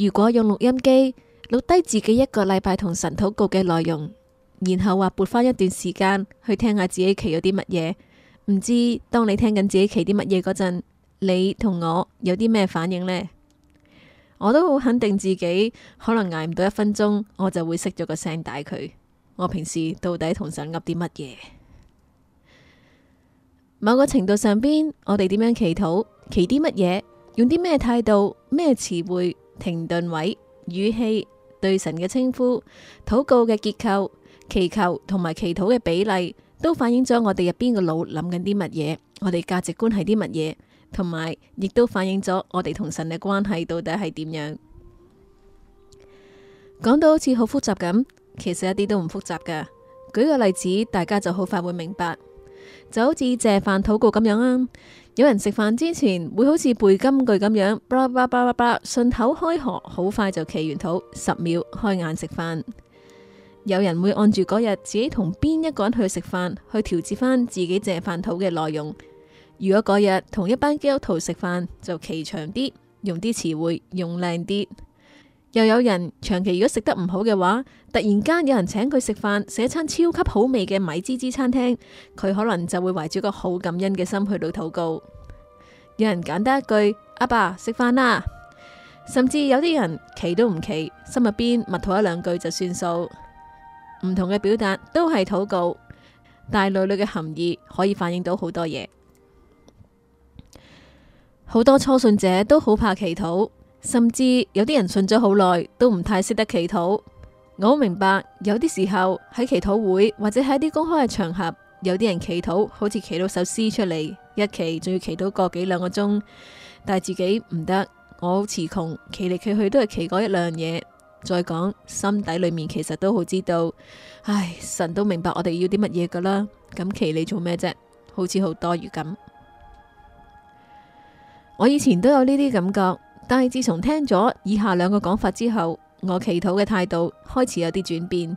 如果用錄音機錄低自己一個禮拜同神禱告嘅內容，然後話撥翻一段時間去聽下自己祈咗啲乜嘢，唔知當你聽緊自己祈啲乜嘢嗰陣，你同我有啲咩反應呢？我都好肯定自己可能挨唔到一分鐘，我就會熄咗個聲帶佢，我平時到底同神噏啲乜嘢？某個程度上邊，我哋點樣祈禱，祈啲乜嘢，用啲咩態度，咩詞彙？停頓位、語氣、對神嘅稱呼、禱告嘅結構、祈求同埋祈禱嘅比例，都反映咗我哋入邊個腦諗緊啲乜嘢，我哋價值觀係啲乜嘢，同埋亦都反映咗我哋同神嘅關係到底係點樣。講到好似好複雜咁，其實一啲都唔複雜㗎。舉個例子，大家就好快會明白。就好似借飯禱告咁樣啊。有人食飯之前會好似背金句咁樣，叭叭叭叭叭，順口開河，好快就祈完禱，十秒開眼食飯。有人會按住嗰日自己同邊一個人去食飯，去調節翻自己借飯禱嘅內容。如果嗰日同一班基督徒食飯，就祈長啲，用啲詞彙，用靚啲。又有人長期如果食得唔好嘅話，突然間有人請佢食飯，食一餐超級好味嘅米芝芝餐廳，佢可能就會懷住個好感恩嘅心去到禱告。有人簡單一句阿爸食飯啦，甚至有啲人企都唔企，心入邊默禱一兩句就算數。唔同嘅表達都係禱告，但係內裡嘅含義可以反映到好多嘢。好多初信者都好怕祈禱。甚至有啲人信咗好耐，都唔太識得祈禱。我好明白，有啲時候喺祈禱會或者喺啲公開嘅場合，有啲人祈禱好似祈禱首詩出嚟，一祈仲要祈禱個幾兩個鐘，但係自己唔得，我好詞窮，祈嚟祈去都係祈嗰一樣嘢。再講，心底裏面其實都好知道，唉，神都明白我哋要啲乜嘢噶啦，咁祈你做咩啫？好似好多餘咁。我以前都有呢啲感覺。但係自從聽咗以下兩個講法之後，我祈禱嘅態度開始有啲轉變。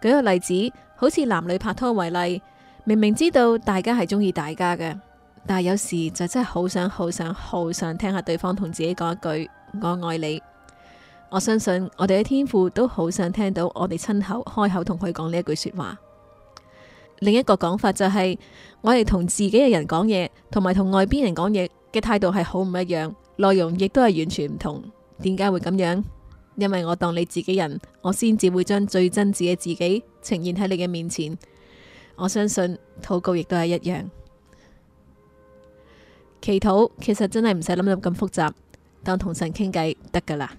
舉個例子，好似男女拍拖為例，明明知道大家係中意大家嘅，但係有時就真係好想、好想、好想聽下對方同自己講一句我愛你。我相信我哋嘅天父都好想聽到我哋親口開口同佢講呢一句說話。另一個講法就係，我哋同自己嘅人講嘢，同埋同外邊人講嘢嘅態度係好唔一樣。內容亦都係完全唔同，點解會咁樣？因為我當你自己人，我先至會將最真摯嘅自己呈現喺你嘅面前。我相信禱告亦都係一樣，祈禱其實真係唔使諗得咁複雜，當同神傾偈得㗎喇。